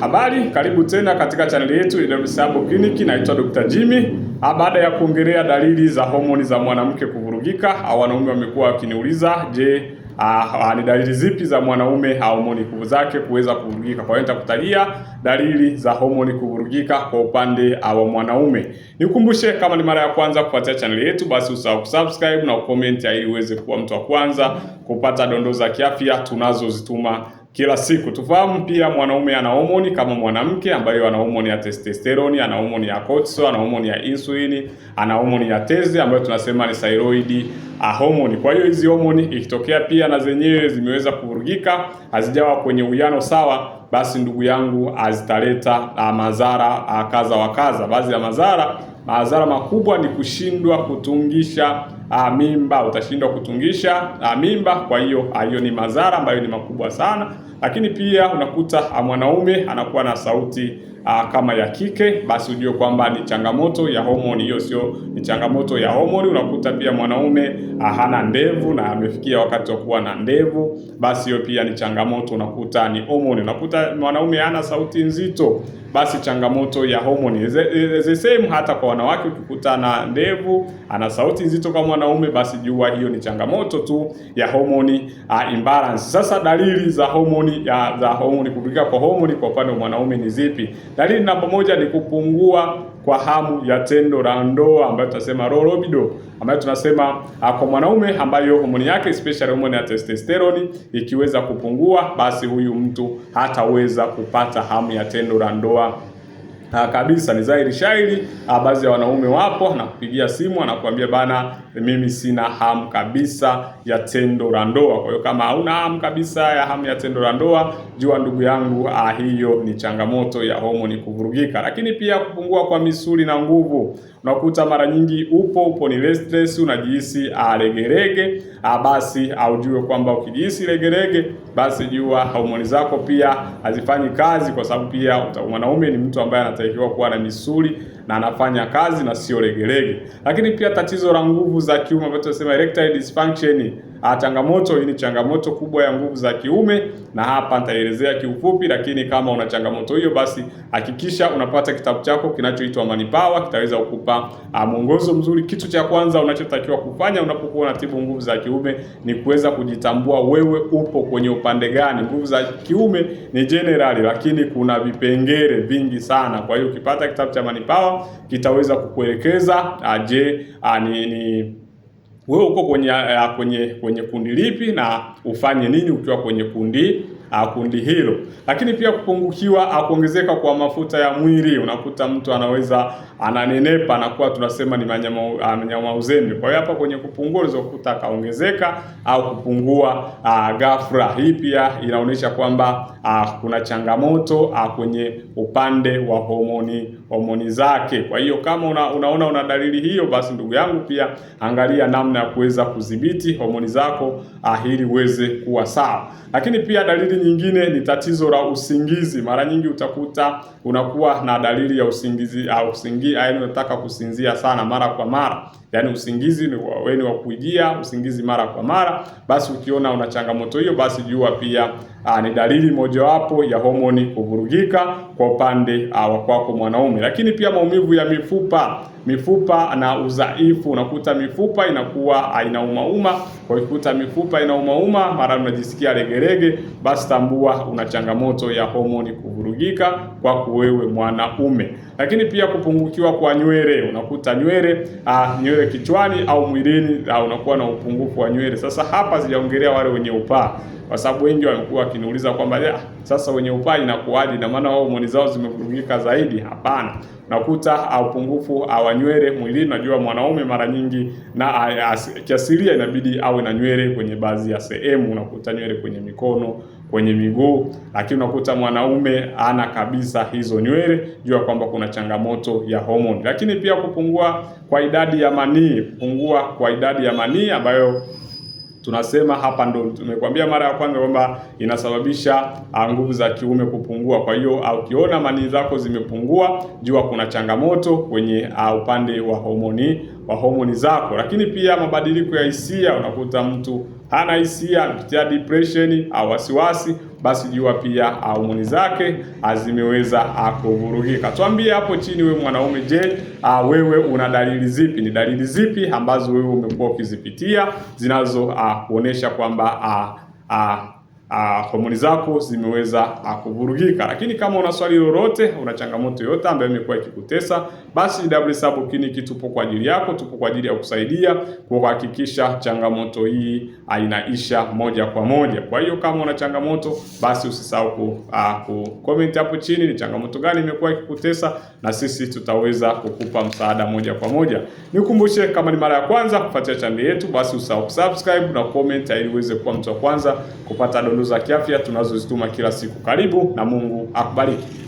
Habari, karibu tena katika chaneli yetu Sabo Clinic. Naitwa Dr. Jimmy. Ah, baada ya kuongelea dalili za homoni za mwanamke kuvurugika, ah, wanaume wamekuwa wakiniuliza, je, ah, ni dalili zipi za mwanaume homoni zake kuweza kuvurugika? Kwa hiyo nitakutajia dalili za homoni kuvurugika kwa upande wa mwanaume. Nikukumbushe, kama ni mara ya kwanza kufuatia chaneli yetu, basi usahau kusubscribe na kucomment ili uweze kuwa mtu wa kwanza kupata dondoo za kiafya tunazozituma kila siku. Tufahamu pia mwanaume ana homoni kama mwanamke, ambayo ana homoni ya testosterone, ana homoni ya cortisol, ana homoni ya insulini, ana homoni ya tezi ambayo tunasema ni thyroid homoni. Kwa hiyo hizi homoni ikitokea pia na zenyewe zimeweza kuvurugika, hazijawa kwenye uwiano sawa, basi ndugu yangu, azitaleta madhara kadha wa kadha. Baadhi ya madhara madhara makubwa ni kushindwa kutungisha a, ah, mimba, utashindwa kutungisha a, ah, mimba. Kwa hiyo ah, hiyo ni madhara ambayo ni makubwa sana. Lakini pia unakuta ah, mwanaume anakuwa na sauti a, ah, kama ya kike, basi ujue kwamba ni changamoto ya homoni hiyo, sio ni changamoto ya homoni. Unakuta pia mwanaume ah, hana ndevu na amefikia wakati wa kuwa na ndevu, basi hiyo pia ni changamoto, unakuta ni homoni. Unakuta mwanaume hana sauti nzito, basi changamoto ya homoni. The same hata kwa wanawake, ukikuta na ndevu ana sauti nzito kama mwanaume, basi jua hiyo ni changamoto tu ya homoni imbalance. Sasa dalili za homoni homoni ya za homoni kutumika kwa homoni kwa upande wa mwanaume ni zipi? Dalili namba moja ni kupungua kwa hamu ya tendo la ndoa ambayo tunasema low libido, ambayo tunasema ah, kwa mwanaume ambayo homoni yake especially homoni ya testosterone ikiweza kupungua, basi huyu mtu hataweza kupata hamu ya tendo la ndoa na kabisa ni dhahiri shairi, ah, baadhi ya wanaume wapo, anakupigia simu anakuambia bana, mimi sina hamu kabisa ya tendo la ndoa. Kwa hiyo kama hauna hamu kabisa ya hamu ya tendo la ndoa, jua ndugu yangu, ah, hiyo ni changamoto ya homoni kuvurugika, lakini pia kupungua kwa misuli na nguvu unakuta mara nyingi upo upo, ni restless, unajihisi ah, legerege, ah, basi aujue kwamba ukijihisi legerege, basi jua homoni zako pia hazifanyi kazi, kwa sababu pia mwanaume ni mtu ambaye anatakiwa kuwa na misuli na anafanya kazi na sio legelege. Lakini pia tatizo la nguvu za kiume ambayo tunasema erectile dysfunction, ah, changamoto hii ni changamoto kubwa ya nguvu za kiume, na hapa nitaelezea kiufupi, lakini kama una changamoto hiyo, basi hakikisha unapata kitabu chako kinachoitwa Manipawa, kitaweza kukupa ah, mwongozo mzuri. Kitu cha kwanza unachotakiwa kufanya unapokuwa unatibu nguvu za kiume ni kuweza kujitambua wewe upo kwenye upande gani. Nguvu za kiume ni generali, lakini kuna vipengele vingi sana. Kwa hiyo ukipata kitabu cha Manipawa kitaweza kukuelekeza je ni, ni wewe uko kwenye eh, kwenye kwenye kundi lipi na ufanye nini ukiwa kwenye kundi ah, kundi hilo. Lakini pia kupungukiwa, ah, kuongezeka kwa mafuta ya mwili, unakuta mtu anaweza ananenepa, anakuwa tunasema ni ah, mnyama uzembe. Kwa hiyo hapa kwenye kupungua unaweza kukuta akaongezeka au kupungua uh, ghafla. Hii pia inaonyesha kwamba uh, kuna changamoto uh, kwenye upande wa homoni homoni zake. Kwa hiyo kama una, unaona una dalili hiyo, basi ndugu yangu pia angalia namna namna ya kuweza kudhibiti homoni zako ah, ili uweze kuwa sawa. Lakini pia dalili nyingine ni tatizo la usingizi. Mara nyingi utakuta unakuwa na dalili ya usingizi au ah, usingi, ah, yaani unataka kusinzia sana mara kwa mara, yaani usingizi ni waweni yaani wa kuijia usingizi mara kwa mara. Basi ukiona una changamoto hiyo, basi jua pia aa, ah, ni dalili mojawapo ya homoni kuvurugika kwa upande ah, wa kwako mwanaume. Lakini pia maumivu ya mifupa, mifupa na udhaifu, unakuta mifupa inakuwa ah, inaumauma. Kwa mifupa inaumauma, mara unajisikia legelege, basi tambua una changamoto ya homoni kuvurugika kwako wewe mwanaume. Lakini pia kupungukiwa kwa nywele, unakuta nywele nywele kichwani au mwilini unakuwa na upungufu wa nywele. Sasa hapa sijaongelea wale wenye upaa kwa sababu wengi walikuwa wakiniuliza kwamba sasa wenye upai na kuaji na maana wao homoni zao zimevurugika zaidi. Hapana, nakuta upungufu wa nywele mwilini. Najua mwanaume mara nyingi na kiasilia inabidi awe na nywele kwenye baadhi ya sehemu, unakuta nywele kwenye mikono, kwenye miguu, lakini unakuta mwanaume ana kabisa hizo nywele. Jua kwamba kuna changamoto ya homoni, lakini pia kupungua kwa idadi ya manii, kupungua kwa idadi ya manii ambayo tunasema hapa ndo tumekwambia mara ya kwanza kwamba inasababisha ah, nguvu za kiume kupungua. Kwa hiyo ah, ukiona manii zako zimepungua, jua kuna changamoto kwenye uh, upande wa homoni wa homoni zako. Lakini pia mabadiliko ya hisia, unakuta mtu hana hisia, anapitia depression au wasiwasi basi jua pia homoni zake zimeweza kuvurugika. Tuambie hapo chini, wewe mwanaume, je, ah, wewe una dalili zipi? Ni dalili zipi ambazo wewe umekuwa ukizipitia zinazo ah, kuonesha kwamba Uh, homoni zako zimeweza kuvurugika. Lakini kama una swali lolote, una changamoto yoyote ambayo imekuwa ikikutesa, basi WSAB Kliniki tupo kwa ajili yako, tupo kwa ajili ya kusaidia kuhakikisha changamoto hii inaisha moja kwa moja. Kwa hiyo kama una changamoto basi usisahau ku, uh, ku comment hapo chini ni changamoto gani imekuwa ikikutesa, na sisi tutaweza kukupa msaada moja kwa moja. Nikukumbushe, kama ni mara ya kwanza kufuatia chaneli yetu, basi usahau kusubscribe na comment ili uweze kuwa mtu wa kwanza kupata dondoo za kiafya tunazozituma kila siku. Karibu na Mungu akubariki.